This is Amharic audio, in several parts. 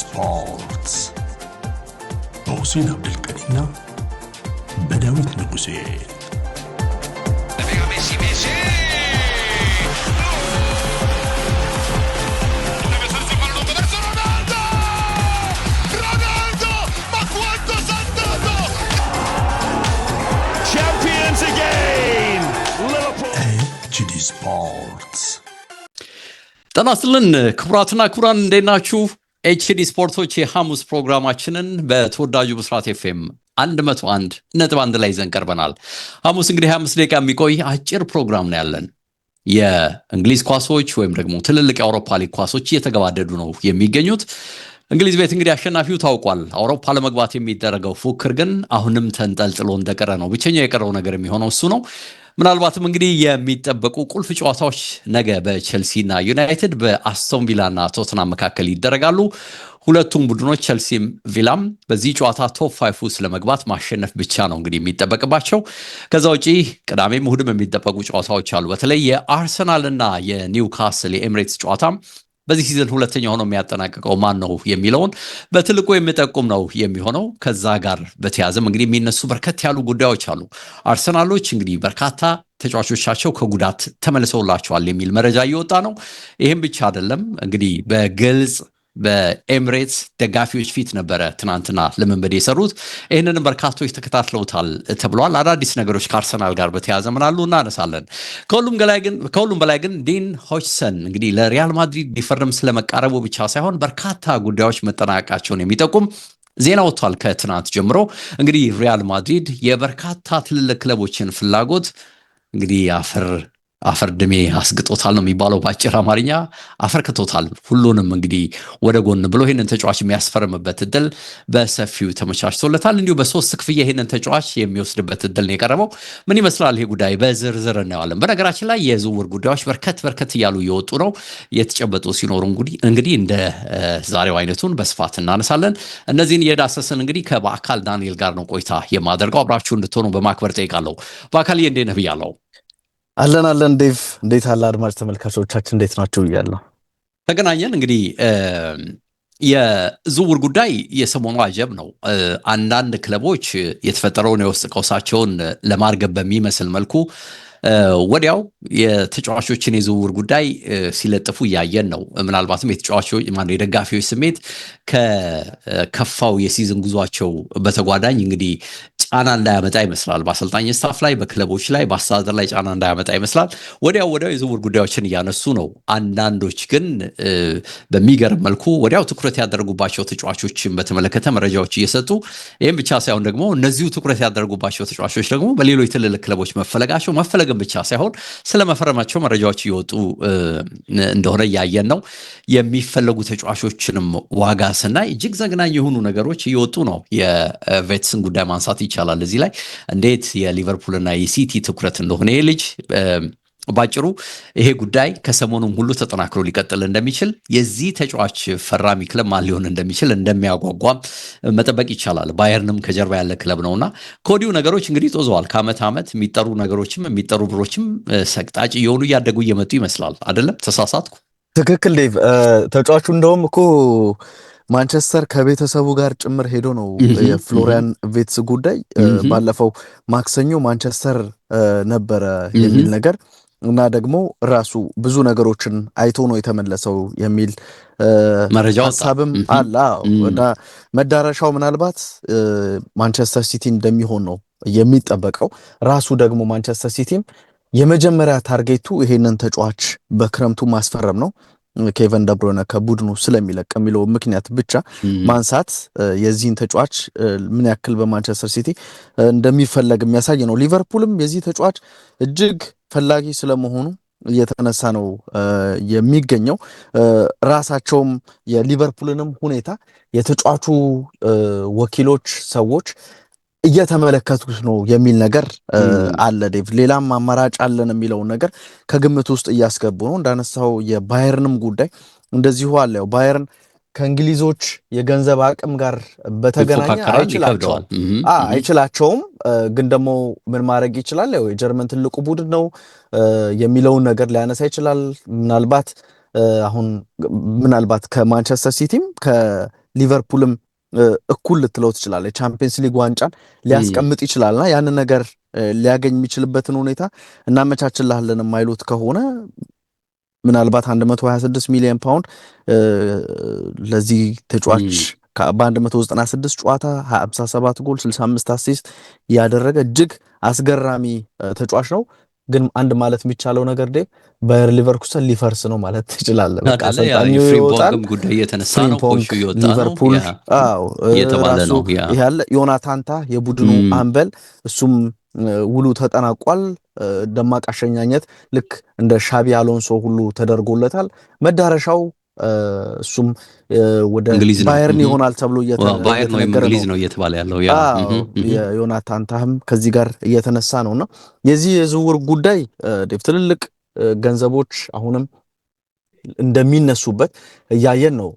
ስፖርት በሁሴን አብዱልቀኒና በዳዊት ንጉሴ ስፖርትስ ጠና ስልን ክቡራትና ክቡራን እንዴት ናችሁ? ኤችዲ ስፖርቶች የሐሙስ ፕሮግራማችንን በተወዳጁ ብስራት ኤፍኤም 101 ነጥብ አንድ ላይ ይዘን ቀርበናል። ሐሙስ እንግዲህ 25 ደቂቃ የሚቆይ አጭር ፕሮግራም ነው ያለን። የእንግሊዝ ኳሶች ወይም ደግሞ ትልልቅ የአውሮፓ ሊግ ኳሶች እየተገባደዱ ነው የሚገኙት። እንግሊዝ ቤት እንግዲህ አሸናፊው ታውቋል። አውሮፓ ለመግባት የሚደረገው ፉክር ግን አሁንም ተንጠልጥሎ እንደቀረ ነው። ብቸኛው የቀረው ነገር የሚሆነው እሱ ነው። ምናልባትም እንግዲህ የሚጠበቁ ቁልፍ ጨዋታዎች ነገ በቸልሲና ዩናይትድ በአስቶን ቪላና ቶትናም መካከል ይደረጋሉ። ሁለቱም ቡድኖች ቸልሲም ቪላም በዚህ ጨዋታ ቶፕ ፋይፍ ውስጥ ለመግባት ማሸነፍ ብቻ ነው እንግዲህ የሚጠበቅባቸው። ከዛ ውጪ ቅዳሜም እሁድም የሚጠበቁ ጨዋታዎች አሉ። በተለይ የአርሰናልና የኒውካስል የኤምሬትስ ጨዋታ በዚህ ሲዘን ሁለተኛ ሆኖ የሚያጠናቅቀው ማን ነው የሚለውን በትልቁ የሚጠቁም ነው የሚሆነው። ከዛ ጋር በተያዘም እንግዲህ የሚነሱ በርከት ያሉ ጉዳዮች አሉ። አርሰናሎች እንግዲህ በርካታ ተጫዋቾቻቸው ከጉዳት ተመልሰውላቸዋል የሚል መረጃ እየወጣ ነው። ይህም ብቻ አይደለም እንግዲህ በግልጽ በኤምሬትስ ደጋፊዎች ፊት ነበረ ትናንትና ልምምድ የሰሩት። ይህንንም በርካቶች ተከታትለውታል ተብሏል። አዳዲስ ነገሮች ከአርሰናል ጋር በተያዘ ምናሉ እናነሳለን። ከሁሉም በላይ ግን ዲን ሆችሰን እንግዲህ ለሪያል ማድሪድ ሊፈርም ስለመቃረቡ ብቻ ሳይሆን በርካታ ጉዳዮች መጠናቀቃቸውን የሚጠቁም ዜና ወጥቷል። ከትናንት ጀምሮ እንግዲህ ሪያል ማድሪድ የበርካታ ትልልቅ ክለቦችን ፍላጎት እንግዲህ አፈር አፈር ድሜ አስግጦታል ነው የሚባለው በአጭር አማርኛ አፈርክቶታል። ሁሉንም እንግዲህ ወደ ጎን ብሎ ይህንን ተጫዋች የሚያስፈርምበት እድል በሰፊው ተመቻችቶለታል። እንዲሁ በሶስት ክፍያ ይህንን ተጫዋች የሚወስድበት እድል ነው የቀረበው። ምን ይመስላል ይሄ ጉዳይ በዝርዝር እናየዋለን። በነገራችን ላይ የዝውውር ጉዳዮች በርከት በርከት እያሉ እየወጡ ነው የተጨበጡ ሲኖሩ እንግዲህ እንደ ዛሬው አይነቱን በስፋት እናነሳለን። እነዚህን እየዳሰስን እንግዲህ ከበአካል ዳንኤል ጋር ነው ቆይታ የማደርገው። አብራችሁ እንድትሆኑ በማክበር ጠይቃለሁ። በአካል እንዴ ነህ ብያለሁ። አለን አለን ዴቭ፣ እንዴት አለ አድማጭ ተመልካቾቻችን እንዴት ናቸው እያለ ተገናኘን። እንግዲህ የዝውውር ጉዳይ የሰሞኑ አጀብ ነው። አንዳንድ ክለቦች የተፈጠረውን የውስጥ ቀውሳቸውን ለማርገብ በሚመስል መልኩ ወዲያው የተጫዋቾችን የዝውውር ጉዳይ ሲለጥፉ እያየን ነው። ምናልባትም የተጫዋቾች የደጋፊዎች ስሜት ከከፋው የሲዝን ጉዟቸው በተጓዳኝ እንግዲህ ጫና እንዳያመጣ ይመስላል። በአሰልጣኝ ስታፍ ላይ፣ በክለቦች ላይ፣ በአስተዳደር ላይ ጫና እንዳያመጣ ይመስላል። ወዲያው ወዲያው የዝውውር ጉዳዮችን እያነሱ ነው። አንዳንዶች ግን በሚገርም መልኩ ወዲያው ትኩረት ያደረጉባቸው ተጫዋቾችን በተመለከተ መረጃዎች እየሰጡ ይህም ብቻ ሳይሆን ደግሞ እነዚሁ ትኩረት ያደረጉባቸው ተጫዋቾች ደግሞ በሌሎች ትልልቅ ክለቦች መፈለጋቸው መፈለግን ብቻ ሳይሆን ስለመፈረማቸው መረጃዎች እየወጡ እንደሆነ እያየን ነው። የሚፈለጉ ተጫዋቾችንም ዋጋ ስናይ እጅግ ዘግናኝ የሆኑ ነገሮች እየወጡ ነው። የቬትስን ጉዳይ ማንሳት ይቻላል። ይቻላል እዚህ ላይ እንዴት የሊቨርፑልና የሲቲ ትኩረት እንደሆነ ይህ ልጅ ባጭሩ ይሄ ጉዳይ ከሰሞኑም ሁሉ ተጠናክሮ ሊቀጥል እንደሚችል የዚህ ተጫዋች ፈራሚ ክለብ ማን ሊሆን እንደሚችል እንደሚያጓጓም መጠበቅ ይቻላል። ባየርንም ከጀርባ ያለ ክለብ ነውና ከወዲሁ ነገሮች እንግዲህ ጦዘዋል። ከዓመት ዓመት የሚጠሩ ነገሮችም የሚጠሩ ብሮችም ሰቅጣጭ እየሆኑ እያደጉ እየመጡ ይመስላል። አይደለም? ተሳሳትኩ? ትክክል ዴቭ። ተጫዋቹ እንደውም እኮ ማንቸስተር ከቤተሰቡ ጋር ጭምር ሄዶ ነው የፍሎሪያን ቬትስ ጉዳይ ባለፈው ማክሰኞ ማንቸስተር ነበረ የሚል ነገር እና ደግሞ ራሱ ብዙ ነገሮችን አይቶ ነው የተመለሰው የሚል ሀሳብም አለ እና መዳረሻው ምናልባት ማንቸስተር ሲቲ እንደሚሆን ነው የሚጠበቀው። ራሱ ደግሞ ማንቸስተር ሲቲም የመጀመሪያ ታርጌቱ ይሄንን ተጫዋች በክረምቱ ማስፈረም ነው። ኬቨን ደብሮነ ከቡድኑ ስለሚለቅ የሚለው ምክንያት ብቻ ማንሳት የዚህን ተጫዋች ምን ያክል በማንቸስተር ሲቲ እንደሚፈለግ የሚያሳይ ነው። ሊቨርፑልም የዚህ ተጫዋች እጅግ ፈላጊ ስለመሆኑ እየተነሳ ነው የሚገኘው። ራሳቸውም የሊቨርፑልንም ሁኔታ የተጫዋቹ ወኪሎች ሰዎች እየተመለከቱት ነው የሚል ነገር አለ። ዴቭ ሌላም አማራጭ አለን የሚለውን ነገር ከግምት ውስጥ እያስገቡ ነው። እንዳነሳው የባየርንም ጉዳይ እንደዚሁ አለ። ያው ባየርን ከእንግሊዞች የገንዘብ አቅም ጋር በተገናኘ አይችላቸውም አይችላቸውም፣ ግን ደግሞ ምን ማድረግ ይችላል? ያው የጀርመን ትልቁ ቡድን ነው የሚለውን ነገር ሊያነሳ ይችላል። ምናልባት አሁን ምናልባት ከማንቸስተር ሲቲም ከሊቨርፑልም እኩል ልትለው ትችላለ። የቻምፒየንስ ሊግ ዋንጫን ሊያስቀምጥ ይችላልና ያንን ነገር ሊያገኝ የሚችልበትን ሁኔታ እናመቻችልሃለን የማይሉት ከሆነ ምናልባት 126 ሚሊዮን ፓውንድ ለዚህ ተጫዋች በ196 ጨዋታ 57 ጎል 65 አሲስት ያደረገ እጅግ አስገራሚ ተጫዋች ነው። ግን አንድ ማለት የሚቻለው ነገር ዴ ባየር ሊቨርኩሰን ሊፈርስ ነው ማለት ትችላለን። ጉዳይ የተነሳ ነው ሊቨርፑል ያለ ዮናታንታ የቡድኑ አምበል እሱም ውሉ ተጠናቋል። ደማቅ አሸኛኘት ልክ እንደ ሻቢ አሎንሶ ሁሉ ተደርጎለታል። መዳረሻው እሱም ወደ ባየርን ይሆናል ተብሎ እንግሊዝ ነው እየተባለ ያለው የዮናታን ታህም ከዚህ ጋር እየተነሳ ነው እና የዚህ የዝውውር ጉዳይ ትልልቅ ገንዘቦች አሁንም እንደሚነሱበት እያየን ነው።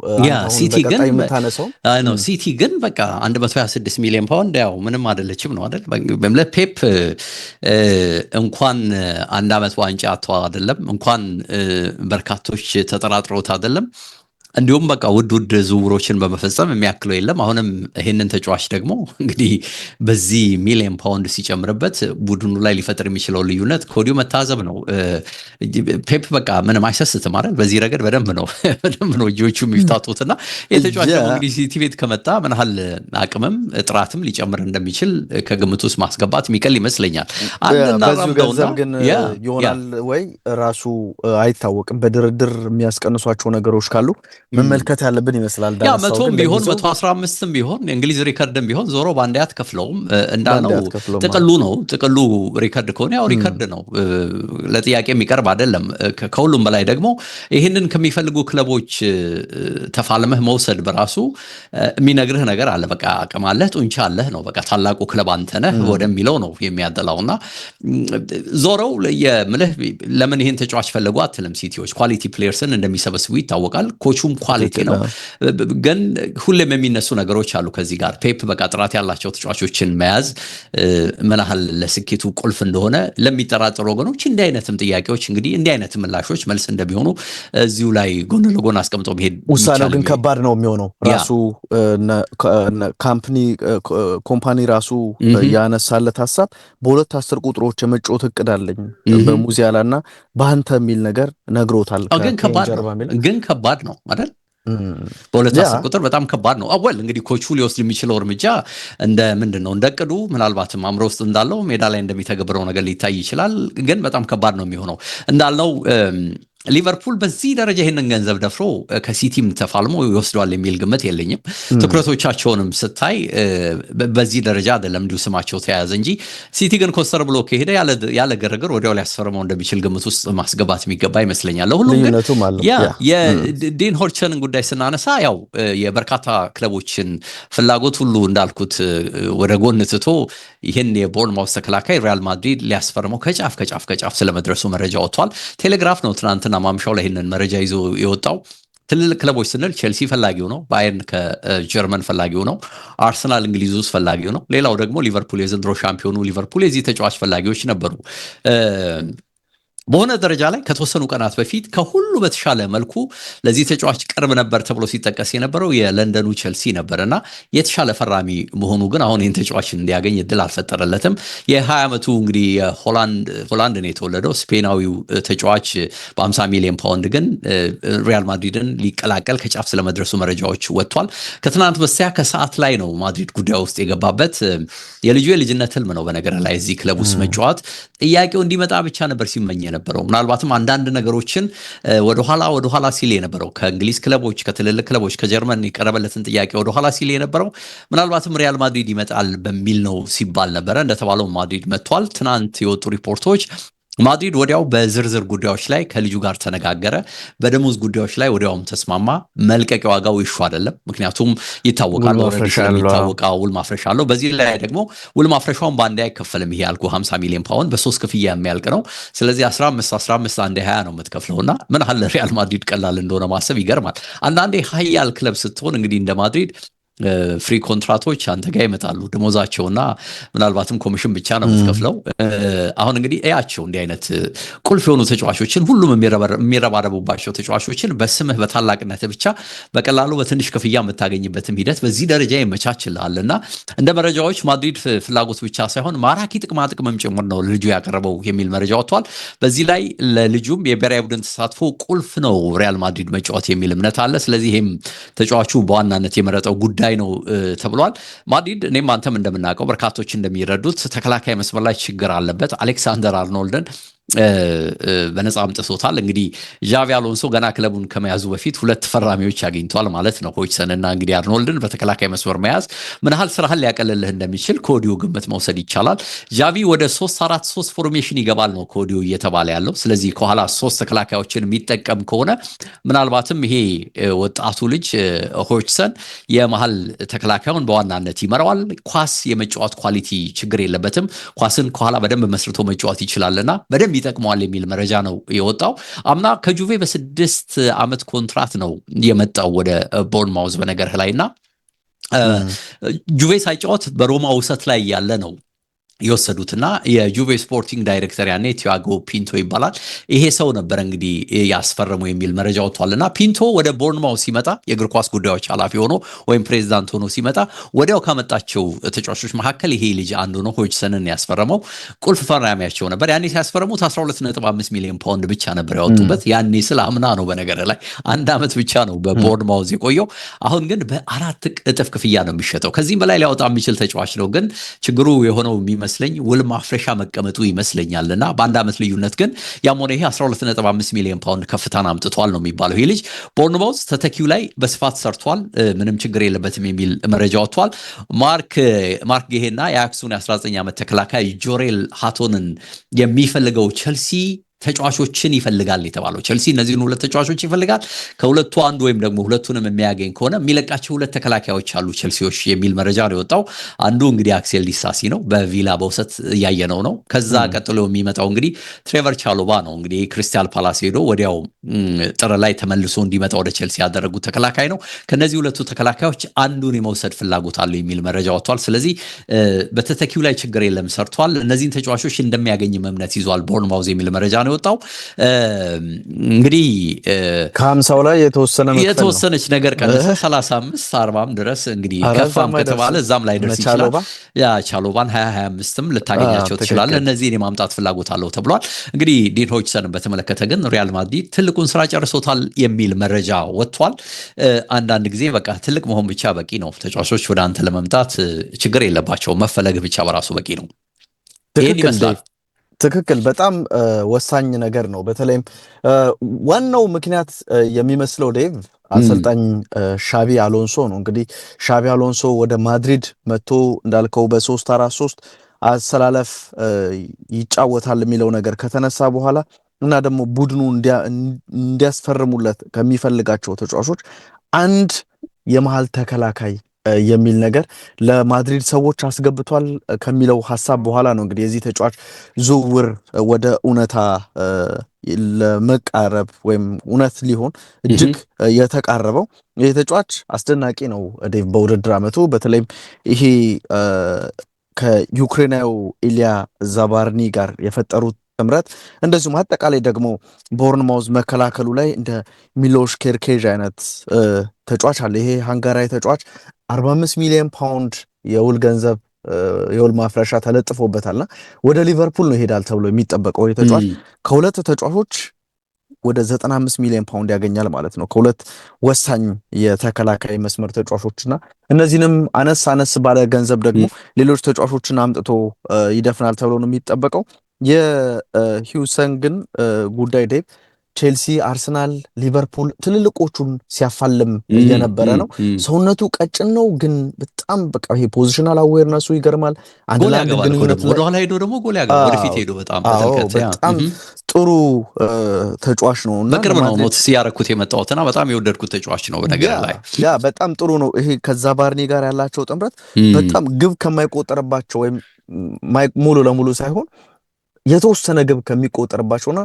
ሲቲ ግን የምታነሰው ነው። ሲቲ ግን በቃ 126 ሚሊዮን ፓውንድ ያው ምንም አደለችም ነው አይደል? ፔፕ እንኳን አንድ አመት ዋንጫ አተዋ አደለም፣ እንኳን በርካቶች ተጠራጥሮት አደለም። እንዲሁም በቃ ውድ ውድ ዝውውሮችን በመፈጸም የሚያክለው የለም። አሁንም ይህንን ተጫዋች ደግሞ እንግዲህ በዚህ ሚሊዮን ፓውንድ ሲጨምርበት ቡድኑ ላይ ሊፈጥር የሚችለው ልዩነት ከወዲሁ መታዘብ ነው። ፔፕ በቃ ምንም አይሰስትም አይደል? በዚህ ረገድ በደንብ ነው በደንብ ነው እጆቹ እና የተጫዋች እንግዲህ ሲቲ ቤት ከመጣ ምን ያህል አቅምም ጥራትም ሊጨምር እንደሚችል ከግምት ውስጥ ማስገባት የሚቀል ይመስለኛል። በዚሁ ገንዘብ ግን ይሆናል ወይ ራሱ አይታወቅም። በድርድር የሚያስቀንሷቸው ነገሮች ካሉ መመልከት ያለብን ይመስላል። ያ መቶም ቢሆን መቶ አስራ አምስትም ቢሆን የእንግሊዝ ሪከርድም ቢሆን ዞሮ በአንድ አትከፍለውም። እንዳነው ጥቅሉ ነው። ጥቅሉ ሪከርድ ከሆነ ያው ሪከርድ ነው፣ ለጥያቄ የሚቀርብ አይደለም። ከሁሉም በላይ ደግሞ ይህንን ከሚፈልጉ ክለቦች ተፋልመህ መውሰድ በራሱ የሚነግርህ ነገር አለ። በቃ አቅም አለህ፣ ጡንቻ አለህ ነው። በቃ ታላቁ ክለብ አንተነህ ወደሚለው ነው የሚያደላው እና ዞረው የምልህ ለምን ይህን ተጫዋች ፈለጉ አትልም። ሲቲዎች ኳሊቲ ፕሌየርስን እንደሚሰበስቡ ይታወቃል። ኮቹም ሁሉም ኳሊቲ ነው። ግን ሁሌም የሚነሱ ነገሮች አሉ ከዚህ ጋር ፔፕ በቃ ጥራት ያላቸው ተጫዋቾችን መያዝ ምን ያህል ለስኬቱ ቁልፍ እንደሆነ ለሚጠራጠሩ ወገኖች እንዲህ አይነትም ጥያቄዎች እንግዲህ እንዲህ አይነት ምላሾች መልስ እንደሚሆኑ እዚሁ ላይ ጎን ለጎን አስቀምጦ መሄድ ውሳኔው ግን ከባድ ነው የሚሆነው ራሱ ካምፕኒ ኮምፓኒ ራሱ ያነሳለት ሀሳብ በሁለት አስር ቁጥሮች የመጫወት እቅድ አለኝ በሙዚያላ እና በአንተ የሚል ነገር ነግሮታል። ግን ከባድ ነው አይደል? በሁለት አስር ቁጥር በጣም ከባድ ነው። አወል እንግዲህ ኮቹ ሊወስድ የሚችለው እርምጃ እንደ ምንድን ነው እንደ ቅዱ ምናልባትም አእምሮ ውስጥ እንዳለው ሜዳ ላይ እንደሚተገብረው ነገር ሊታይ ይችላል፣ ግን በጣም ከባድ ነው የሚሆነው እንዳልነው ሊቨርፑል በዚህ ደረጃ ይህንን ገንዘብ ደፍሮ ከሲቲም ተፋልሞ ይወስዷል የሚል ግምት የለኝም። ትኩረቶቻቸውንም ስታይ በዚህ ደረጃ አይደለም እንዲሁ ስማቸው ተያያዘ እንጂ ሲቲ ግን ኮስተር ብሎ ከሄደ ያለ ግርግር ወዲያው ሊያስፈርመው እንደሚችል ግምት ውስጥ ማስገባት የሚገባ ይመስለኛል። ለሁሉም ግን የዴን ሆርቸንን ጉዳይ ስናነሳ ያው የበርካታ ክለቦችን ፍላጎት ሁሉ እንዳልኩት ወደ ጎን ትቶ ይህን የቦርንማውስ ተከላካይ ሪያል ማድሪድ ሊያስፈርመው ከጫፍ ከጫፍ ከጫፍ ስለመድረሱ መረጃ ወጥቷል። ቴሌግራፍ ነው ትናንትና ትናንትና ማምሻው ላይ ይህንን መረጃ ይዞ የወጣው ትልልቅ ክለቦች ስንል ቼልሲ ፈላጊው ነው፣ ባየርን ከጀርመን ፈላጊው ነው፣ አርሰናል እንግሊዝ ውስጥ ፈላጊው ነው። ሌላው ደግሞ ሊቨርፑል የዘንድሮ ሻምፒዮኑ ሊቨርፑል የዚህ ተጫዋች ፈላጊዎች ነበሩ። በሆነ ደረጃ ላይ ከተወሰኑ ቀናት በፊት ከሁሉ በተሻለ መልኩ ለዚህ ተጫዋች ቅርብ ነበር ተብሎ ሲጠቀስ የነበረው የለንደኑ ቸልሲ ነበር እና የተሻለ ፈራሚ መሆኑ ግን አሁን ይህን ተጫዋች እንዲያገኝ እድል አልፈጠረለትም። የ20 ዓመቱ እንግዲህ ሆላንድ ነው የተወለደው ስፔናዊው ተጫዋች በ50 ሚሊዮን ፓውንድ ግን ሪያል ማድሪድን ሊቀላቀል ከጫፍ ስለመድረሱ መረጃዎች ወጥቷል። ከትናንት በስቲያ ከሰዓት ላይ ነው ማድሪድ ጉዳይ ውስጥ የገባበት። የልጁ የልጅነት ህልም ነው በነገር ላይ እዚህ ክለብ ውስጥ መጫወት ጥያቄው እንዲመጣ ብቻ ነበር ሲመኝ የነበረው። ምናልባትም አንዳንድ ነገሮችን ወደኋላ ወደኋላ ሲል የነበረው ከእንግሊዝ ክለቦች፣ ከትልልቅ ክለቦች፣ ከጀርመን የቀረበለትን ጥያቄ ወደኋላ ሲል የነበረው ምናልባትም ሪያል ማድሪድ ይመጣል በሚል ነው ሲባል ነበረ። እንደተባለው ማድሪድ መጥቷል። ትናንት የወጡ ሪፖርቶች ማድሪድ ወዲያው በዝርዝር ጉዳዮች ላይ ከልጁ ጋር ተነጋገረ። በደሞዝ ጉዳዮች ላይ ወዲያውም ተስማማ። መልቀቅ ዋጋው ይሹ አይደለም፣ ምክንያቱም ይታወቃል፣ ውል ማፍረሻ አለው። በዚህ ላይ ደግሞ ውል ማፍረሻውን በአንድ አይከፈልም። ይሄ ያልኩ 50 ሚሊዮን ፓውንድ በሶስት ክፍያ የሚያልቅ ነው። ስለዚህ 15 15 አንድ 20 ነው የምትከፍለው እና ምን አለ ሪያል ማድሪድ ቀላል እንደሆነ ማሰብ ይገርማል። አንዳንዴ ሀያል ክለብ ስትሆን እንግዲህ እንደ ማድሪድ ፍሪ ኮንትራቶች አንተ ጋር ይመጣሉ። ደሞዛቸውና ምናልባትም ኮሚሽን ብቻ ነው የምትከፍለው። አሁን እንግዲህ እያቸው እንዲህ አይነት ቁልፍ የሆኑ ተጫዋቾችን ሁሉም የሚረባረቡባቸው ተጫዋቾችን በስምህ በታላቅነት ብቻ በቀላሉ በትንሽ ክፍያ የምታገኝበትም ሂደት በዚህ ደረጃ ይመቻችልሃል እና እንደ መረጃዎች ማድሪድ ፍላጎት ብቻ ሳይሆን ማራኪ ጥቅማጥቅምም ጭምር ነው ልጁ ያቀረበው የሚል መረጃ ወጥቷል። በዚህ ላይ ለልጁም የብሔራዊ ቡድን ተሳትፎ ቁልፍ ነው ሪያል ማድሪድ መጫወት የሚል እምነት አለ። ስለዚህ ይህም ተጫዋቹ በዋናነት የመረጠው ጉዳይ ላይ ነው ተብሏል። ማድሪድ እኔም አንተም እንደምናውቀው በርካቶች እንደሚረዱት ተከላካይ መስመር ላይ ችግር አለበት። አሌክሳንደር አርኖልደን በነጻ አምጥቶታል። እንግዲህ ዣቪ አሎንሶ ገና ክለቡን ከመያዙ በፊት ሁለት ፈራሚዎች አግኝቷል ማለት ነው። ሆይሰንና እንግዲህ አርኖልድን በተከላካይ መስመር መያዝ ምን ያህል ስራህን ሊያቀልልህ እንደሚችል ከወዲሁ ግምት መውሰድ ይቻላል። ዣቪ ወደ ሶስት አራት ሶስት ፎርሜሽን ይገባል ነው ከወዲሁ እየተባለ ያለው። ስለዚህ ከኋላ ሶስት ተከላካዮችን የሚጠቀም ከሆነ ምናልባትም ይሄ ወጣቱ ልጅ ሆይሰን የመሀል ተከላካዩን በዋናነት ይመራዋል። ኳስ የመጫወት ኳሊቲ ችግር የለበትም። ኳስን ከኋላ በደንብ መስርቶ መጫወት ይችላልና በደንብ በደንብ ይጠቅመዋል የሚል መረጃ ነው የወጣው። አምና ከጁቬ በስድስት ዓመት ኮንትራት ነው የመጣው ወደ ቦርንማውዝ በነገርህ ላይ እና ጁቬ ሳይጫወት በሮማ ውሰት ላይ ያለ ነው የወሰዱትና የጁቬ ስፖርቲንግ ዳይሬክተር ያኔ ቲያጎ ፒንቶ ይባላል። ይሄ ሰው ነበር እንግዲህ ያስፈረመው የሚል መረጃ እና ፒንቶ ወደ ቦርንማው ሲመጣ የእግር ኳስ ጉዳዮች ኃላፊ ሆኖ ወይም ፕሬዚዳንት ሆኖ ሲመጣ ወዲያው ካመጣቸው ተጫዋቾች መካከል ይሄ ልጅ አንዱ ነው። ሆጅሰንን ያስፈረመው ቁልፍ ፈራሚያቸው ነበር። ያኔ ሲያስፈረሙት 125 ሚሊዮን ፓውንድ ብቻ ነበር ያወጡበት። ያኔ ስለ አምና ነው በነገር ላይ አንድ ዓመት ብቻ ነው በቦርንማውዝ የቆየው። አሁን ግን በአራት እጥፍ ክፍያ ነው የሚሸጠው። ከዚህም በላይ ሊያወጣ የሚችል ተጫዋች ነው። ግን ችግሩ የሆነው ሲመስለኝ ውል ማፍረሻ መቀመጡ ይመስለኛል በአንድ ዓመት ልዩነት ግን ያም ሆነ ይሄ 125 ሚሊዮን ፓውንድ ከፍታን አምጥቷል ነው የሚባለው። ይህ ልጅ ቦርንማውዝ ተተኪው ላይ በስፋት ሰርቷል፣ ምንም ችግር የለበትም የሚል መረጃ ወጥቷል። ማርክ ጌሄና የአክሱን የ19 ዓመት ተከላካይ ጆሬል ሃቶንን የሚፈልገው ቸልሲ ተጫዋቾችን ይፈልጋል የተባለው ቸልሲ እነዚህን ሁለት ተጫዋቾች ይፈልጋል። ከሁለቱ አንዱ ወይም ደግሞ ሁለቱንም የሚያገኝ ከሆነ የሚለቃቸው ሁለት ተከላካዮች አሉ ቸልሲዎች የሚል መረጃ ነው የወጣው። አንዱ እንግዲህ አክሴል ዲሳሲ ነው፣ በቪላ በውሰት እያየነው ነው። ከዛ ቀጥሎ የሚመጣው እንግዲህ ትሬቨር ቻሎባ ነው። እንግዲህ ክሪስታል ፓላስ ሄዶ ወዲያው ጥር ላይ ተመልሶ እንዲመጣ ወደ ቸልሲ ያደረጉት ተከላካይ ነው። ከነዚህ ሁለቱ ተከላካዮች አንዱን የመውሰድ ፍላጎት አለው የሚል መረጃ ወጥቷል። ስለዚህ በተተኪው ላይ ችግር የለም ሰርቷል። እነዚህን ተጫዋቾች እንደሚያገኝም እምነት ይዟል ቦርንማውዝ የሚል መረጃ ነው ያልወጣው እንግዲህ ከሀምሳው ላይ የተወሰነ የተወሰነች ነገር ቀነሰ። ሰላሳ አምስት አርባም ድረስ እንግዲህ ከፋም ከተባለ እዛም ላይ ደርስ ይችላል። ቻሎባን ሀያ ሀያ አምስትም ልታገኛቸው ትችላለህ። እነዚህን ማምጣት ፍላጎት አለው ተብሏል። እንግዲህ ዲን ሆይችሰንን በተመለከተ ግን ሪያል ማድሪድ ትልቁን ስራ ጨርሶታል የሚል መረጃ ወጥቷል። አንዳንድ ጊዜ በቃ ትልቅ መሆን ብቻ በቂ ነው። ተጫዋቾች ወደ አንተ ለመምጣት ችግር የለባቸው። መፈለግ ብቻ በራሱ በቂ ነው። ይህን ይመስላል። ትክክል። በጣም ወሳኝ ነገር ነው። በተለይም ዋናው ምክንያት የሚመስለው ዴቭ አሰልጣኝ ሻቢ አሎንሶ ነው። እንግዲህ ሻቢ አሎንሶ ወደ ማድሪድ መጥቶ እንዳልከው በሶስት አራት ሶስት አሰላለፍ ይጫወታል የሚለው ነገር ከተነሳ በኋላ እና ደግሞ ቡድኑ እንዲያስፈርሙለት ከሚፈልጋቸው ተጫዋቾች አንድ የመሀል ተከላካይ የሚል ነገር ለማድሪድ ሰዎች አስገብቷል ከሚለው ሀሳብ በኋላ ነው እንግዲህ የዚህ ተጫዋች ዝውውር ወደ እውነታ ለመቃረብ ወይም እውነት ሊሆን እጅግ የተቃረበው ይህ ተጫዋች አስደናቂ ነው። ዴቭ በውድድር ዓመቱ በተለይም ይሄ ከዩክሬናዊው ኢሊያ ዛባርኒ ጋር የፈጠሩት ጥምረት እንደዚሁም አጠቃላይ ደግሞ ቦርንማውዝ መከላከሉ ላይ እንደ ሚሎሽ ኬርኬዥ አይነት ተጫዋች አለ። ይሄ ሃንጋራዊ ተጫዋች 45 ሚሊዮን ፓውንድ የውል ገንዘብ የውል ማፍረሻ ተለጥፎበታልና ወደ ሊቨርፑል ነው ይሄዳል ተብሎ የሚጠበቀው ይህ ተጫዋች ከሁለት ተጫዋቾች ወደ 95 ሚሊዮን ፓውንድ ያገኛል ማለት ነው። ከሁለት ወሳኝ የተከላካይ መስመር ተጫዋቾችና እነዚህንም አነስ አነስ ባለ ገንዘብ ደግሞ ሌሎች ተጫዋቾችን አምጥቶ ይደፍናል ተብሎ ነው የሚጠበቀው። የሂውሰንግን ጉዳይ ዴቭ ቼልሲ፣ አርሰናል፣ ሊቨርፑል ትልልቆቹን ሲያፋልም እየነበረ ነው። ሰውነቱ ቀጭን ነው፣ ግን በጣም በቃ ይሄ ፖዚሽናል አዌርነሱ ይገርማል። አንድ ላይ ግንኙነት ወደኋላ ሄዶ ደግሞ ጎል ያገባል፣ ወደፊት ሄዶ በጣም በጣም ጥሩ ተጫዋች ነው በቅርብ ነው ሞት ሲያረኩት የመጣሁትና በጣም የወደድኩት ተጫዋች ነው። በነገር ላይ ያ በጣም ጥሩ ነው። ይሄ ከዛ ባርኒ ጋር ያላቸው ጥምረት በጣም ግብ ከማይቆጠርባቸው ወይም ሙሉ ለሙሉ ሳይሆን የተወሰነ ግብ ከሚቆጠርባቸውና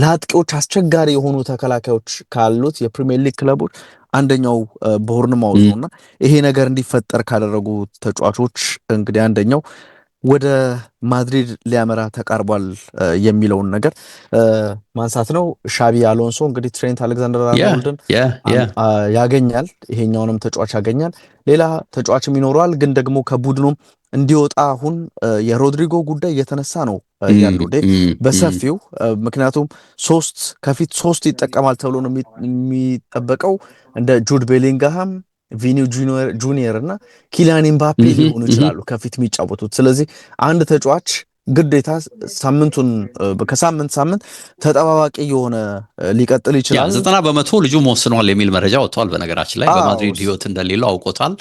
ለአጥቂዎች አስቸጋሪ የሆኑ ተከላካዮች ካሉት የፕሪሚየር ሊግ ክለቦች አንደኛው ቦርንማውዝ ነው እና ይሄ ነገር እንዲፈጠር ካደረጉ ተጫዋቾች እንግዲህ አንደኛው ወደ ማድሪድ ሊያመራ ተቃርቧል የሚለውን ነገር ማንሳት ነው። ሻቢ አሎንሶ እንግዲህ ትሬንት አሌክዛንደር አርኖልድን ያገኛል፣ ይሄኛውንም ተጫዋች ያገኛል። ሌላ ተጫዋችም ይኖረዋል፣ ግን ደግሞ ከቡድኑም እንዲወጣ አሁን የሮድሪጎ ጉዳይ እየተነሳ ነው ያሉ በሰፊው ምክንያቱም ሶስት ከፊት ሶስት ይጠቀማል ተብሎ ነው የሚጠበቀው እንደ ጁድ ቤሊንግሃም ቪኒ ጁኒየር እና ኪሊያን ሊሆኑ ይችላሉ ከፊት የሚጫወቱት ስለዚህ አንድ ተጫዋች ግዴታ ሳምንቱን ከሳምንት ሳምንት ተጠባባቂ የሆነ ሊቀጥል ይችላል። ዘጠና በመቶ ልጁ ወስኗል የሚል መረጃ ወጥቷል። በነገራችን ላይ በማድሪድ ህይወት እንደሌለው አውቆታል።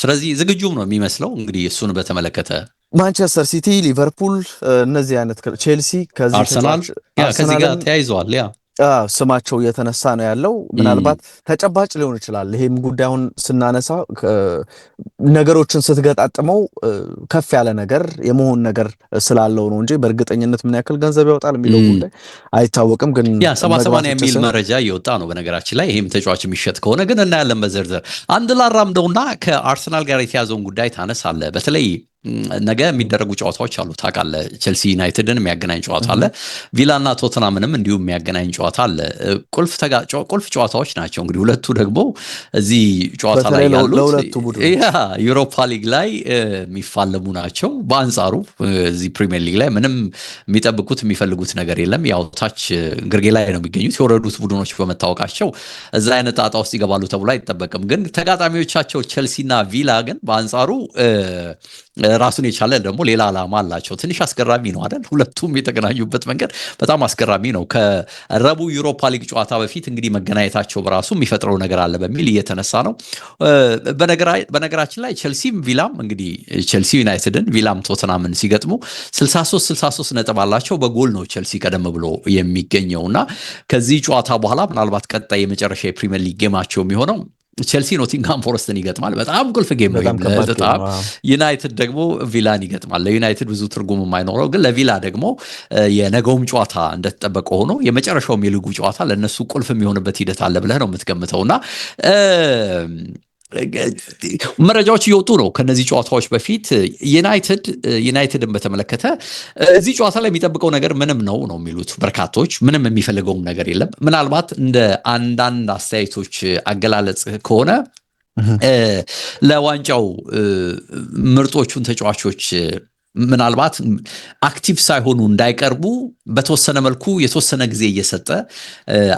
ስለዚህ ዝግጁም ነው የሚመስለው። እንግዲህ እሱን በተመለከተ ማንቸስተር ሲቲ፣ ሊቨርፑል፣ እነዚህ አይነት ቼልሲ፣ ከዚህ አርሰናል ከዚህ ጋር ተያይዘዋል ያ ስማቸው እየተነሳ ነው ያለው። ምናልባት ተጨባጭ ሊሆን ይችላል። ይሄም ጉዳዩን ስናነሳ ነገሮችን ስትገጣጥመው ከፍ ያለ ነገር የመሆን ነገር ስላለው ነው እንጂ በእርግጠኝነት ምን ያክል ገንዘብ ያወጣል የሚለው ጉዳይ አይታወቅም። ግን ያ ሰባ ሰማንያ የሚል መረጃ እየወጣ ነው በነገራችን ላይ። ይህም ተጫዋች የሚሸጥ ከሆነ ግን እናያለን በዝርዝር። አንድ ላራምደውና ከአርሰናል ጋር የተያዘውን ጉዳይ ታነሳለህ በተለይ ነገ የሚደረጉ ጨዋታዎች አሉ ታውቃለህ። ቼልሲ ዩናይትድን የሚያገናኝ ጨዋታ አለ። ቪላና ቶትናምንም እንዲሁም የሚያገናኝ ጨዋታ አለ። ቁልፍ ጨዋታዎች ናቸው። እንግዲህ ሁለቱ ደግሞ እዚህ ጨዋታ ላይ ያሉት ዩሮፓ ሊግ ላይ የሚፋለሙ ናቸው። በአንጻሩ እዚህ ፕሪሚየር ሊግ ላይ ምንም የሚጠብቁት የሚፈልጉት ነገር የለም። ያው ታች ግርጌ ላይ ነው የሚገኙት። የወረዱት ቡድኖች በመታወቃቸው እዛ አይነት ጣጣ ውስጥ ይገባሉ ተብሎ አይጠበቅም። ግን ተጋጣሚዎቻቸው ቼልሲና ቪላ ግን በአንጻሩ ራሱን የቻለ ደግሞ ሌላ ዓላማ አላቸው። ትንሽ አስገራሚ ነው አይደል? ሁለቱም የተገናኙበት መንገድ በጣም አስገራሚ ነው። ከረቡዕ ዩሮፓ ሊግ ጨዋታ በፊት እንግዲህ መገናኘታቸው በራሱ የሚፈጥረው ነገር አለ በሚል እየተነሳ ነው። በነገራችን ላይ ቼልሲም ቪላም እንግዲህ ቼልሲ ዩናይትድን ቪላም ቶትናምን ሲገጥሙ 63 63 ነጥብ አላቸው። በጎል ነው ቼልሲ ቀደም ብሎ የሚገኘው እና ከዚህ ጨዋታ በኋላ ምናልባት ቀጣይ የመጨረሻ የፕሪሚየር ሊግ ጌማቸው የሚሆነው ቸልሲ ኖቲንግሃም ፎረስትን ይገጥማል። በጣም ቁልፍ ጌም ነው። ዩናይትድ ደግሞ ቪላን ይገጥማል። ለዩናይትድ ብዙ ትርጉም የማይኖረው ግን ለቪላ ደግሞ የነገውም ጨዋታ እንደተጠበቀ ሆኖ የመጨረሻውም የልጉ ጨዋታ ለእነሱ ቁልፍ የሚሆንበት ሂደት አለ ብለህ ነው የምትገምተው እና መረጃዎች እየወጡ ነው። ከነዚህ ጨዋታዎች በፊት ዩናይትድ ዩናይትድን በተመለከተ እዚህ ጨዋታ ላይ የሚጠብቀው ነገር ምንም ነው ነው የሚሉት በርካቶች። ምንም የሚፈልገውም ነገር የለም። ምናልባት እንደ አንዳንድ አስተያየቶች አገላለጽ ከሆነ ለዋንጫው ምርጦቹን ተጫዋቾች ምናልባት አክቲቭ ሳይሆኑ እንዳይቀርቡ በተወሰነ መልኩ የተወሰነ ጊዜ እየሰጠ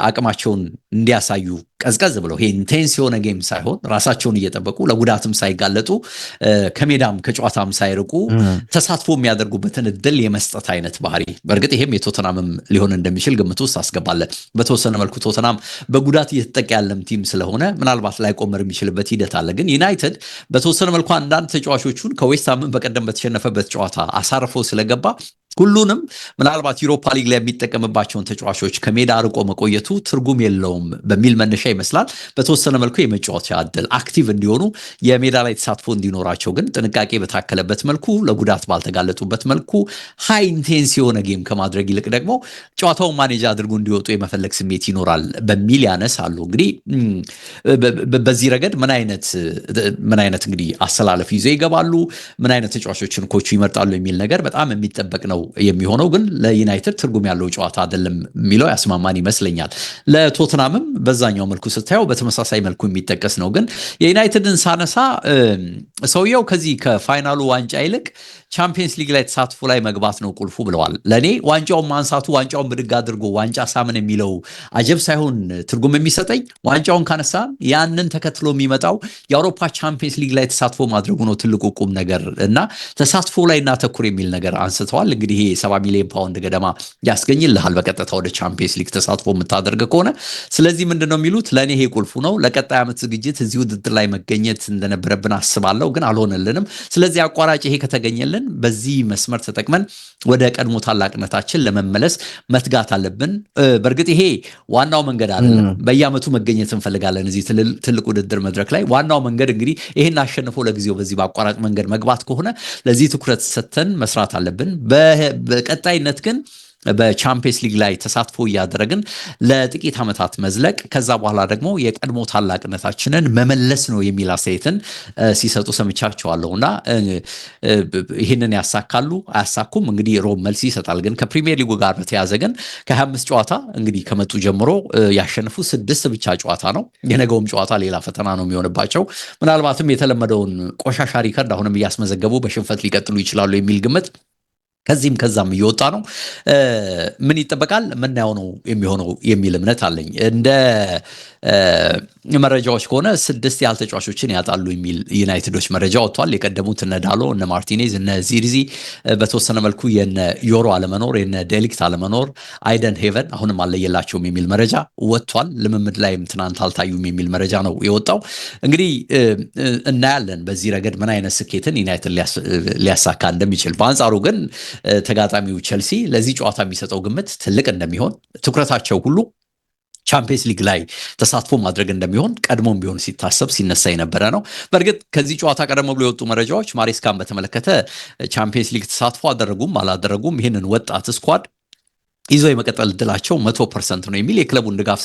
አቅማቸውን እንዲያሳዩ ቀዝቀዝ ብለው ይሄ ኢንቴንስ የሆነ ጌም ሳይሆን ራሳቸውን እየጠበቁ ለጉዳትም ሳይጋለጡ ከሜዳም ከጨዋታም ሳይርቁ ተሳትፎ የሚያደርጉበትን እድል የመስጠት አይነት ባህሪ፣ በእርግጥ ይሄም የቶተናምም ሊሆን እንደሚችል ግምት ውስጥ አስገባለን። በተወሰነ መልኩ ቶተናም በጉዳት እየተጠቃ ያለም ቲም ስለሆነ ምናልባት ላይቆመር የሚችልበት ሂደት አለ። ግን ዩናይትድ በተወሰነ መልኩ አንዳንድ ተጫዋቾቹን ከዌስትሃምን በቀደም በተሸነፈበት ጨዋታ አሳርፎ ስለገባ ሁሉንም ምናልባት ዩሮፓ ሊግ ላይ የሚጠቀምባቸውን ተጫዋቾች ከሜዳ ርቆ መቆየቱ ትርጉም የለውም በሚል መነሻ ይመስላል በተወሰነ መልኩ የመጫወቻ እድል አክቲቭ እንዲሆኑ የሜዳ ላይ ተሳትፎ እንዲኖራቸው ግን ጥንቃቄ በታከለበት መልኩ ለጉዳት ባልተጋለጡበት መልኩ ሃይ ኢንቴንስ የሆነ ጌም ከማድረግ ይልቅ ደግሞ ጨዋታውን ማኔጅ አድርጎ እንዲወጡ የመፈለግ ስሜት ይኖራል በሚል ያነሳሉ። እንግዲህ በዚህ ረገድ ምን አይነት ምን አይነት እንግዲህ አሰላለፍ ይዘው ይገባሉ፣ ምን አይነት ተጫዋቾችን ኮቹ ይመርጣሉ የሚል ነገር በጣም የሚጠበቅ ነው የሚሆነው ግን ለዩናይትድ ትርጉም ያለው ጨዋታ አይደለም የሚለው ያስማማን ይመስለኛል። ለቶትናምም በዛኛው መልኩ ስታየው በተመሳሳይ መልኩ የሚጠቀስ ነው። ግን የዩናይትድን ሳነሳ ሰውየው ከዚህ ከፋይናሉ ዋንጫ ይልቅ ቻምፒየንስ ሊግ ላይ ተሳትፎ ላይ መግባት ነው ቁልፉ ብለዋል። ለእኔ ዋንጫውን ማንሳቱ ዋንጫውን ብድግ አድርጎ ዋንጫ ሳምን የሚለው አጀብ ሳይሆን ትርጉም የሚሰጠኝ ዋንጫውን ካነሳ ያንን ተከትሎ የሚመጣው የአውሮፓ ቻምፒየንስ ሊግ ላይ ተሳትፎ ማድረጉ ነው ትልቁ ቁም ነገር እና ተሳትፎ ላይ እናተኩር የሚል ነገር አንስተዋል። እንግዲህ ይሄ ሰባ ሚሊዮን ፓውንድ ገደማ ያስገኝልሃል በቀጥታ ወደ ቻምፒየንስ ሊግ ተሳትፎ የምታደርግ ከሆነ። ስለዚህ ምንድን ነው የሚሉት ለእኔ ይሄ ቁልፉ ነው። ለቀጣይ ዓመት ዝግጅት እዚህ ውድድር ላይ መገኘት እንደነበረብን አስባለሁ፣ ግን አልሆነልንም። ስለዚህ አቋራጭ ይሄ ከተገኘልን እንችላለን። በዚህ መስመር ተጠቅመን ወደ ቀድሞ ታላቅነታችን ለመመለስ መትጋት አለብን። በእርግጥ ይሄ ዋናው መንገድ አይደለም። በየዓመቱ መገኘት እንፈልጋለን እዚህ ትልቅ ውድድር መድረክ ላይ። ዋናው መንገድ እንግዲህ ይህን አሸንፎ ለጊዜው በዚህ በአቋራጭ መንገድ መግባት ከሆነ ለዚህ ትኩረት ሰጥተን መስራት አለብን። በቀጣይነት ግን በቻምፒየንስ ሊግ ላይ ተሳትፎ እያደረግን ለጥቂት ዓመታት መዝለቅ ከዛ በኋላ ደግሞ የቀድሞ ታላቅነታችንን መመለስ ነው የሚል አስተያየትን ሲሰጡ ሰምቻቸዋለሁ እና ይህንን ያሳካሉ አያሳኩም እንግዲህ ሮብ መልስ ይሰጣል። ግን ከፕሪሚየር ሊጉ ጋር በተያዘ ግን ከ ጨዋታ እንግዲህ ከመጡ ጀምሮ ያሸነፉ ስድስት ብቻ ጨዋታ ነው። የነገውም ጨዋታ ሌላ ፈተና ነው የሚሆንባቸው። ምናልባትም የተለመደውን ቆሻሻ ሪከርድ አሁንም እያስመዘገቡ በሽንፈት ሊቀጥሉ ይችላሉ የሚል ግምት ከዚህም ከዛም እየወጣ ነው። ምን ይጠበቃል? ምናየው ነው የሚሆነው የሚል እምነት አለኝ እንደ መረጃዎች ከሆነ ስድስት ያህል ተጫዋቾችን ያጣሉ የሚል ዩናይትዶች መረጃ ወጥቷል። የቀደሙት እነ ዳሎ፣ እነ ማርቲኔዝ፣ እነ ዚርዚ በተወሰነ መልኩ የነ ዮሮ አለመኖር፣ የነ ዴሊክት አለመኖር፣ አይደን ሄቨን አሁንም አለየላቸውም የሚል መረጃ ወጥቷል። ልምምድ ላይም ትናንት አልታዩም የሚል መረጃ ነው የወጣው። እንግዲህ እናያለን በዚህ ረገድ ምን አይነት ስኬትን ዩናይትድ ሊያሳካ እንደሚችል። በአንጻሩ ግን ተጋጣሚው ቸልሲ ለዚህ ጨዋታ የሚሰጠው ግምት ትልቅ እንደሚሆን ትኩረታቸው ሁሉ ቻምፒየንስ ሊግ ላይ ተሳትፎ ማድረግ እንደሚሆን ቀድሞም ቢሆን ሲታሰብ ሲነሳ የነበረ ነው። በእርግጥ ከዚህ ጨዋታ ቀደሞ ብሎ የወጡ መረጃዎች ማሬስካን በተመለከተ ቻምፒየንስ ሊግ ተሳትፎ አደረጉም አላደረጉም ይህንን ወጣት ስኳድ ይዘው የመቀጠል እድላቸው መቶ ፐርሰንት ነው የሚል የክለቡን ድጋፍ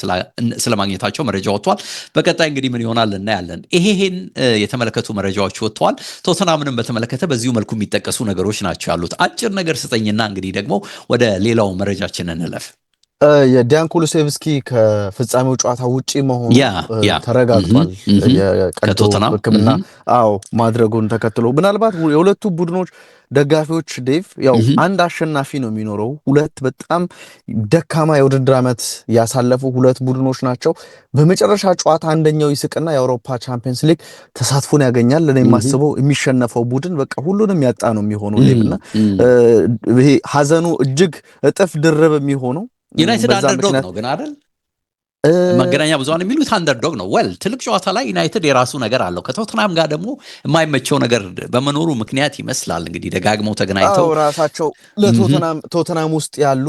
ስለማግኘታቸው መረጃ ወጥቷል። በቀጣይ እንግዲህ ምን ይሆናል እናያለን። ይሄን የተመለከቱ መረጃዎች ወጥተዋል። ቶተናምንም በተመለከተ በዚሁ መልኩ የሚጠቀሱ ነገሮች ናቸው ያሉት። አጭር ነገር ስጠኝና እንግዲህ ደግሞ ወደ ሌላው መረጃችን እንለፍ። የዲያን ኩሉሴቭስኪ ከፍጻሜው ጨዋታ ውጪ መሆኑ ተረጋግጧል። የቀዶ ሕክምና አዎ ማድረጉን ተከትሎ ምናልባት የሁለቱ ቡድኖች ደጋፊዎች ዴቭ ያው አንድ አሸናፊ ነው የሚኖረው። ሁለት በጣም ደካማ የውድድር ዓመት ያሳለፉ ሁለት ቡድኖች ናቸው። በመጨረሻ ጨዋታ አንደኛው ይስቅና የአውሮፓ ቻምፒየንስ ሊግ ተሳትፎን ያገኛል። ለእኔ የማስበው የሚሸነፈው ቡድን በቃ ሁሉንም ያጣ ነው የሚሆነው ዴቭ እና ይሄ ሀዘኑ እጅግ እጥፍ ድርብ የሚሆነው ዩናይትድ አንደርዶግ ነው ግን አይደል? መገናኛ ብዙሃን የሚሉት አንደርዶግ ነው። ወል ትልቅ ጨዋታ ላይ ዩናይትድ የራሱ ነገር አለው። ከቶትናም ጋር ደግሞ የማይመቸው ነገር በመኖሩ ምክንያት ይመስላል እንግዲህ ደጋግመው ተገናኝተው ራሳቸው ለቶትናም ውስጥ ያሉ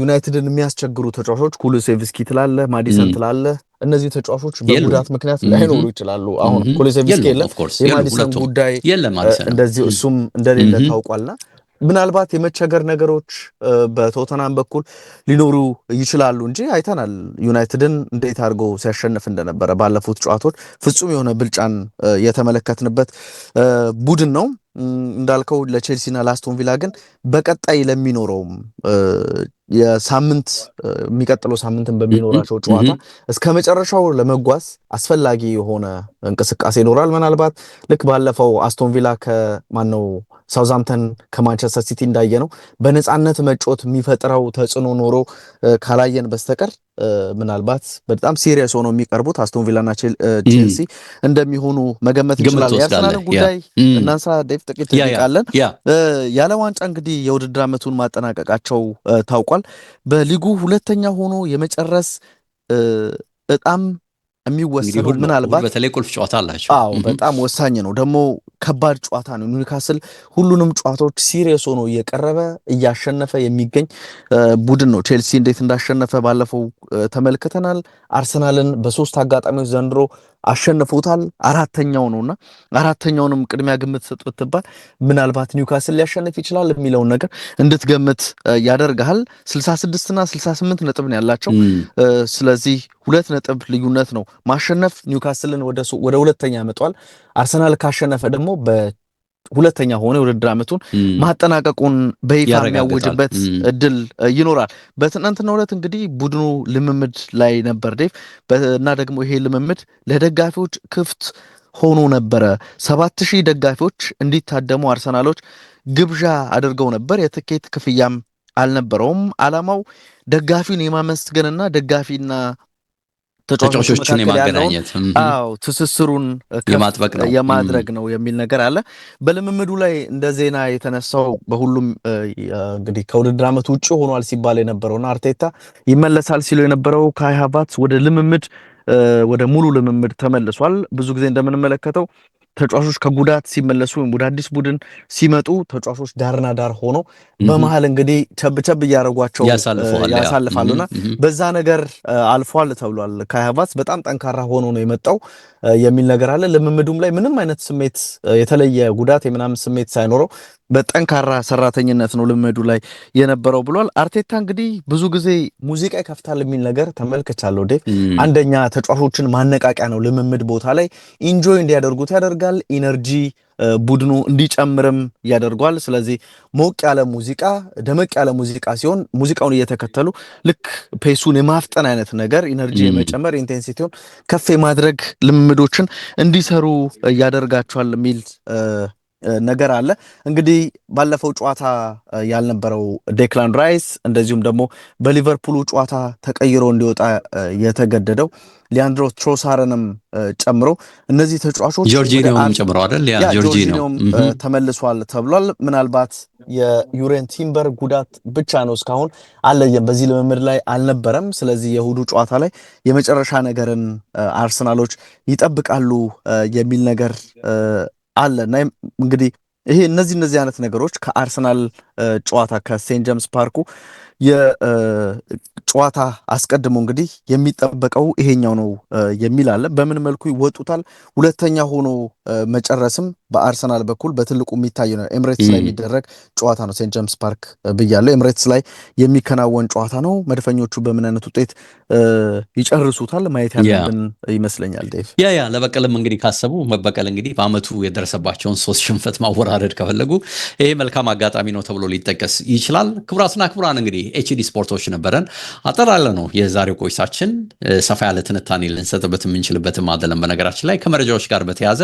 ዩናይትድን የሚያስቸግሩ ተጫዋቾች ኩሉሴቭስኪ ትላለ፣ ማዲሰን ትላለ እነዚህ ተጫዋቾች በጉዳት ምክንያት ላይኖሩ ይችላሉ። አሁን ኩሉሴቭስኪ የለም፣ የማዲሰን ጉዳይ እንደዚህ እሱም እንደሌለ ታውቋልና ምናልባት የመቸገር ነገሮች በቶተናም በኩል ሊኖሩ ይችላሉ እንጂ አይተናል ዩናይትድን እንዴት አድርጎ ሲያሸንፍ እንደነበረ ባለፉት ጨዋታዎች ፍጹም የሆነ ብልጫን የተመለከትንበት ቡድን ነው። እንዳልከው ለቼልሲና ለአስቶን ቪላ ግን በቀጣይ ለሚኖረውም የሳምንት የሚቀጥለው ሳምንትን በሚኖራቸው ጨዋታ እስከ መጨረሻው ለመጓዝ አስፈላጊ የሆነ እንቅስቃሴ ይኖራል። ምናልባት ልክ ባለፈው አስቶን ቪላ ከማነው ሳውዛምተን ከማንቸስተር ሲቲ እንዳየ ነው በነፃነት መጮት የሚፈጥረው ተጽዕኖ ኖሮ ካላየን በስተቀር ምናልባት በጣም ሲሪየስ ሆነው የሚቀርቡት አስቶን ቪላና ቼልሲ እንደሚሆኑ መገመት እንችላለን። የአርሰናል ጉዳይ እናንሳ ዴቭ ጥቂት እንቃለን። ያለ ዋንጫ እንግዲህ የውድድር ዓመቱን ማጠናቀቃቸው ታውቋል። አስታውቋል። በሊጉ ሁለተኛ ሆኖ የመጨረስ በጣም የሚወሰኑ ምናልባት በተለይ ቁልፍ ጨዋታ አላቸው። አዎ በጣም ወሳኝ ነው። ደግሞ ከባድ ጨዋታ ነው። ኒውካስል ሁሉንም ጨዋታዎች ሲሪየስ ሆኖ እየቀረበ እያሸነፈ የሚገኝ ቡድን ነው። ቼልሲ እንዴት እንዳሸነፈ ባለፈው ተመልክተናል። አርሰናልን በሶስት አጋጣሚዎች ዘንድሮ አሸንፎታል። አራተኛው ነውና አራተኛውንም ቅድሚያ ግምት ስጥ ብትባል ምናልባት ኒውካስል ሊያሸንፍ ይችላል የሚለውን ነገር እንድትገምት ያደርግሃል። 66 እና 68 ነጥብ ነው ያላቸው። ስለዚህ ሁለት ነጥብ ልዩነት ነው። ማሸነፍ ኒውካስልን ወደ ሁለተኛ ያመጣዋል። አርሰናል ካሸነፈ ደግሞ ሁለተኛ ሆኖ የውድድር ዓመቱን ማጠናቀቁን በይፋ የሚያውጅበት እድል ይኖራል። በትናንትና ዕለት እንግዲህ ቡድኑ ልምምድ ላይ ነበር ዴቭ እና ደግሞ ይሄ ልምምድ ለደጋፊዎች ክፍት ሆኖ ነበረ። ሰባት ሺህ ደጋፊዎች እንዲታደሙ አርሰናሎች ግብዣ አድርገው ነበር። የትኬት ክፍያም አልነበረውም። ዓላማው ደጋፊን የማመስገንና ደጋፊና ተጫዋቾቹን የማገናኘት አዎ ትስስሩን የማጥበቅ ነው የማድረግ ነው የሚል ነገር አለ። በልምምዱ ላይ እንደ ዜና የተነሳው በሁሉም እንግዲህ ከውድድር ዓመት ውጭ ሆኗል ሲባል የነበረውና አርቴታ ይመለሳል ሲሉ የነበረው ካይ ሃቨርትዝ ወደ ልምምድ ወደ ሙሉ ልምምድ ተመልሷል። ብዙ ጊዜ እንደምንመለከተው ተጫዋቾች ከጉዳት ሲመለሱ ወይም ወደ አዲስ ቡድን ሲመጡ ተጫዋቾች ዳርና ዳር ሆኖ በመሀል እንግዲህ ቸብቸብ እያደረጓቸው ያሳልፋሉና በዛ ነገር አልፏል ተብሏል። ካይ በጣም ጠንካራ ሆኖ ነው የመጣው የሚል ነገር አለ። ልምምዱም ላይ ምንም አይነት ስሜት የተለየ ጉዳት የምናምን ስሜት ሳይኖረው በጠንካራ ሰራተኝነት ነው ልምዱ ላይ የነበረው ብሏል። አርቴታ እንግዲህ ብዙ ጊዜ ሙዚቃ ይከፍታል የሚል ነገር ተመልክቻለሁ። ዴቭ አንደኛ ተጫዋቾችን ማነቃቂያ ነው። ልምምድ ቦታ ላይ ኢንጆይ እንዲያደርጉት ያደርጋል። ኢነርጂ ቡድኑ እንዲጨምርም ያደርጓል። ስለዚህ ሞቅ ያለ ሙዚቃ፣ ደመቅ ያለ ሙዚቃ ሲሆን ሙዚቃውን እየተከተሉ ልክ ፔሱን የማፍጠን አይነት ነገር ኢነርጂ የመጨመር ኢንቴንሲቲውን ከፍ የማድረግ ልምምዶችን እንዲሰሩ ያደርጋቸዋል የሚል ነገር አለ እንግዲህ ባለፈው ጨዋታ ያልነበረው ዴክላን ራይስ እንደዚሁም ደግሞ በሊቨርፑሉ ጨዋታ ተቀይሮ እንዲወጣ የተገደደው ሊያንድሮ ትሮሳርንም ጨምሮ እነዚህ ተጫዋቾች ጆርጂኒዮም ተመልሷል ተብሏል። ምናልባት የዩሬን ቲምበር ጉዳት ብቻ ነው እስካሁን አለየም፣ በዚህ ልምምድ ላይ አልነበረም። ስለዚህ የእሁዱ ጨዋታ ላይ የመጨረሻ ነገርን አርሰናሎች ይጠብቃሉ የሚል ነገር አለ እና እንግዲህ ይሄ እነዚህ እነዚህ አይነት ነገሮች ከአርሰናል ጨዋታ ከሴንት ጀምስ ፓርኩ የጨዋታ አስቀድሞ እንግዲህ የሚጠበቀው ይሄኛው ነው የሚል አለ። በምን መልኩ ይወጡታል? ሁለተኛ ሆኖ መጨረስም በአርሰናል በኩል በትልቁ የሚታይ ነው። ኤምሬትስ ላይ የሚደረግ ጨዋታ ነው። ሴንት ጀምስ ፓርክ ብያለሁ። ኤምሬትስ ላይ የሚከናወን ጨዋታ ነው። መድፈኞቹ በምን አይነት ውጤት ይጨርሱታል ማየት ያለብን ይመስለኛል። ዴቭ ያ ያ ለበቀልም እንግዲህ ካሰቡ መበቀል እንግዲህ በአመቱ የደረሰባቸውን ሶስት ሽንፈት ማወራረድ ከፈለጉ ይሄ መልካም አጋጣሚ ነው ተብሎ ሊጠቀስ ይችላል። ክቡራትና ክቡራን እንግዲህ ኤችዲ ስፖርቶች ነበረን አጠር ያለ ነው የዛሬው ቆይታችን። ሰፋ ያለ ትንታኔ ልንሰጥበት የምንችልበትም አይደለም። በነገራችን ላይ ከመረጃዎች ጋር በተያያዘ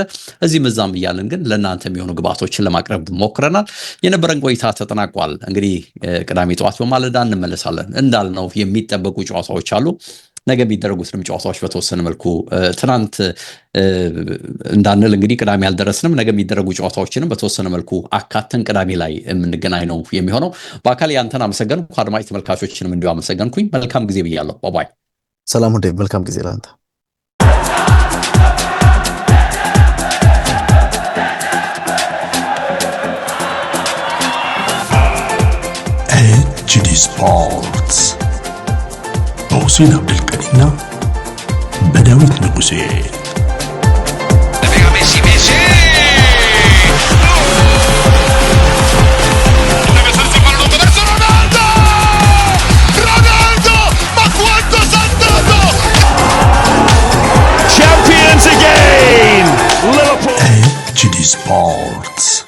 እዚህም እዛም እያለን ግን ለእናንተ የሚሆኑ ግብአቶችን ለማቅረብ ሞክረናል። የነበረን ቆይታ ተጠናቋል። እንግዲህ ቅዳሜ ጠዋት በማለዳ እንመለሳለን። እንዳልነው የሚጠበቁ ጨዋታዎች አሉ። ነገ የሚደረጉትንም ጨዋታዎች በተወሰነ መልኩ ትናንት እንዳንል እንግዲህ ቅዳሜ አልደረስንም። ነገ የሚደረጉ ጨዋታዎችንም በተወሰነ መልኩ አካተን ቅዳሜ ላይ የምንገናኝ ነው የሚሆነው። በአካል ያንተን አመሰገንኩ። አድማጭ ተመልካቾችንም እንዲሁ አመሰገንኩኝ። መልካም ጊዜ ብያለሁ። ባባይ ሰላም ሁዴ። መልካም ጊዜ ለአንተ Energy ስፖርትስ በሁሴን አብድልቀኒና በዳዊት ንጉሴ HD Sports.